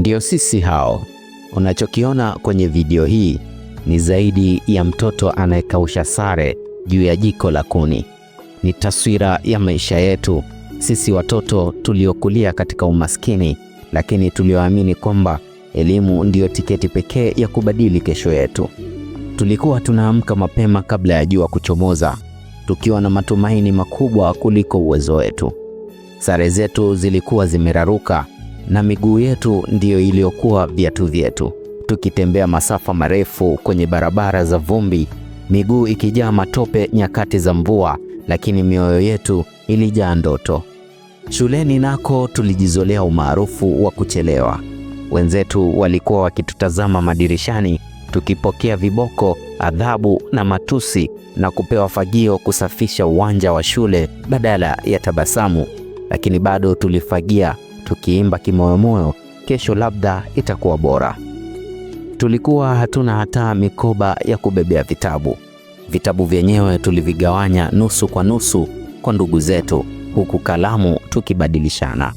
Ndio sisi hao. Unachokiona kwenye video hii ni zaidi ya mtoto anayekausha sare juu ya jiko la kuni. Ni taswira ya maisha yetu sisi watoto tuliokulia katika umaskini, lakini tulioamini kwamba elimu ndiyo tiketi pekee ya kubadili kesho yetu. Tulikuwa tunaamka mapema kabla ya jua kuchomoza, tukiwa na matumaini makubwa kuliko uwezo wetu. Sare zetu zilikuwa zimeraruka na miguu yetu ndiyo iliyokuwa viatu vyetu, tukitembea masafa marefu kwenye barabara za vumbi, miguu ikijaa matope nyakati za mvua, lakini mioyo yetu ilijaa ndoto. Shuleni nako tulijizolea umaarufu wa kuchelewa. Wenzetu walikuwa wakitutazama madirishani tukipokea viboko, adhabu na matusi, na kupewa fagio kusafisha uwanja wa shule badala ya tabasamu, lakini bado tulifagia tukiimba kimoyomoyo, kesho labda itakuwa bora. Tulikuwa hatuna hata mikoba ya kubebea vitabu. Vitabu vyenyewe tulivigawanya nusu kwa nusu kwa ndugu zetu, huku kalamu tukibadilishana.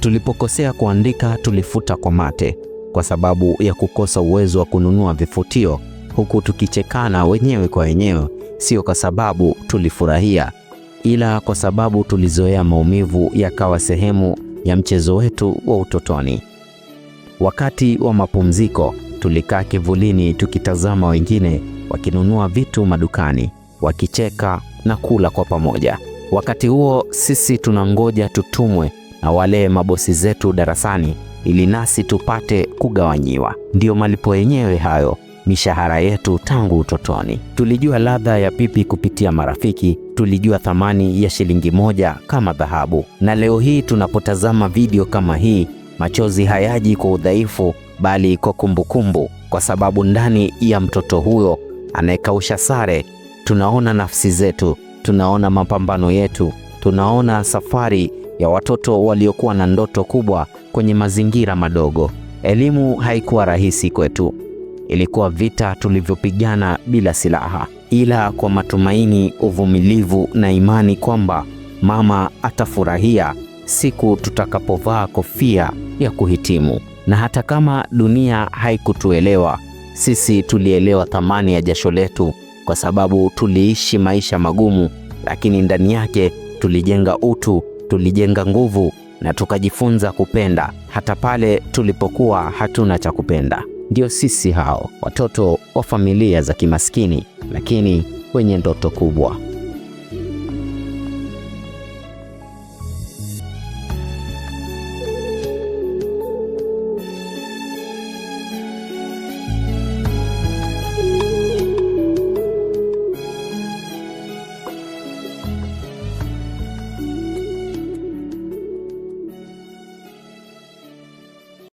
Tulipokosea kuandika, tulifuta kwa mate kwa sababu ya kukosa uwezo wa kununua vifutio, huku tukichekana wenyewe kwa wenyewe, sio kwa sababu tulifurahia, ila kwa sababu tulizoea maumivu yakawa sehemu ya mchezo wetu wa utotoni. Wakati wa mapumziko, tulikaa kivulini tukitazama wengine wakinunua vitu madukani, wakicheka na kula kwa pamoja. Wakati huo sisi tunangoja tutumwe na wale mabosi zetu darasani ili nasi tupate kugawanyiwa. Ndiyo malipo yenyewe hayo mishahara yetu tangu utotoni. Tulijua ladha ya pipi kupitia marafiki, tulijua thamani ya shilingi moja kama dhahabu. Na leo hii tunapotazama video kama hii, machozi hayaji kwa udhaifu, bali kwa kumbukumbu, kwa sababu ndani ya mtoto huyo anayekausha sare tunaona nafsi zetu, tunaona mapambano yetu, tunaona safari ya watoto waliokuwa na ndoto kubwa kwenye mazingira madogo. Elimu haikuwa rahisi kwetu, ilikuwa vita tulivyopigana bila silaha, ila kwa matumaini, uvumilivu na imani kwamba mama atafurahia siku tutakapovaa kofia ya kuhitimu. Na hata kama dunia haikutuelewa, sisi tulielewa thamani ya jasho letu, kwa sababu tuliishi maisha magumu, lakini ndani yake tulijenga utu, tulijenga nguvu na tukajifunza kupenda hata pale tulipokuwa hatuna cha kupenda ndio sisi hao, watoto wa familia za kimaskini, lakini wenye ndoto kubwa.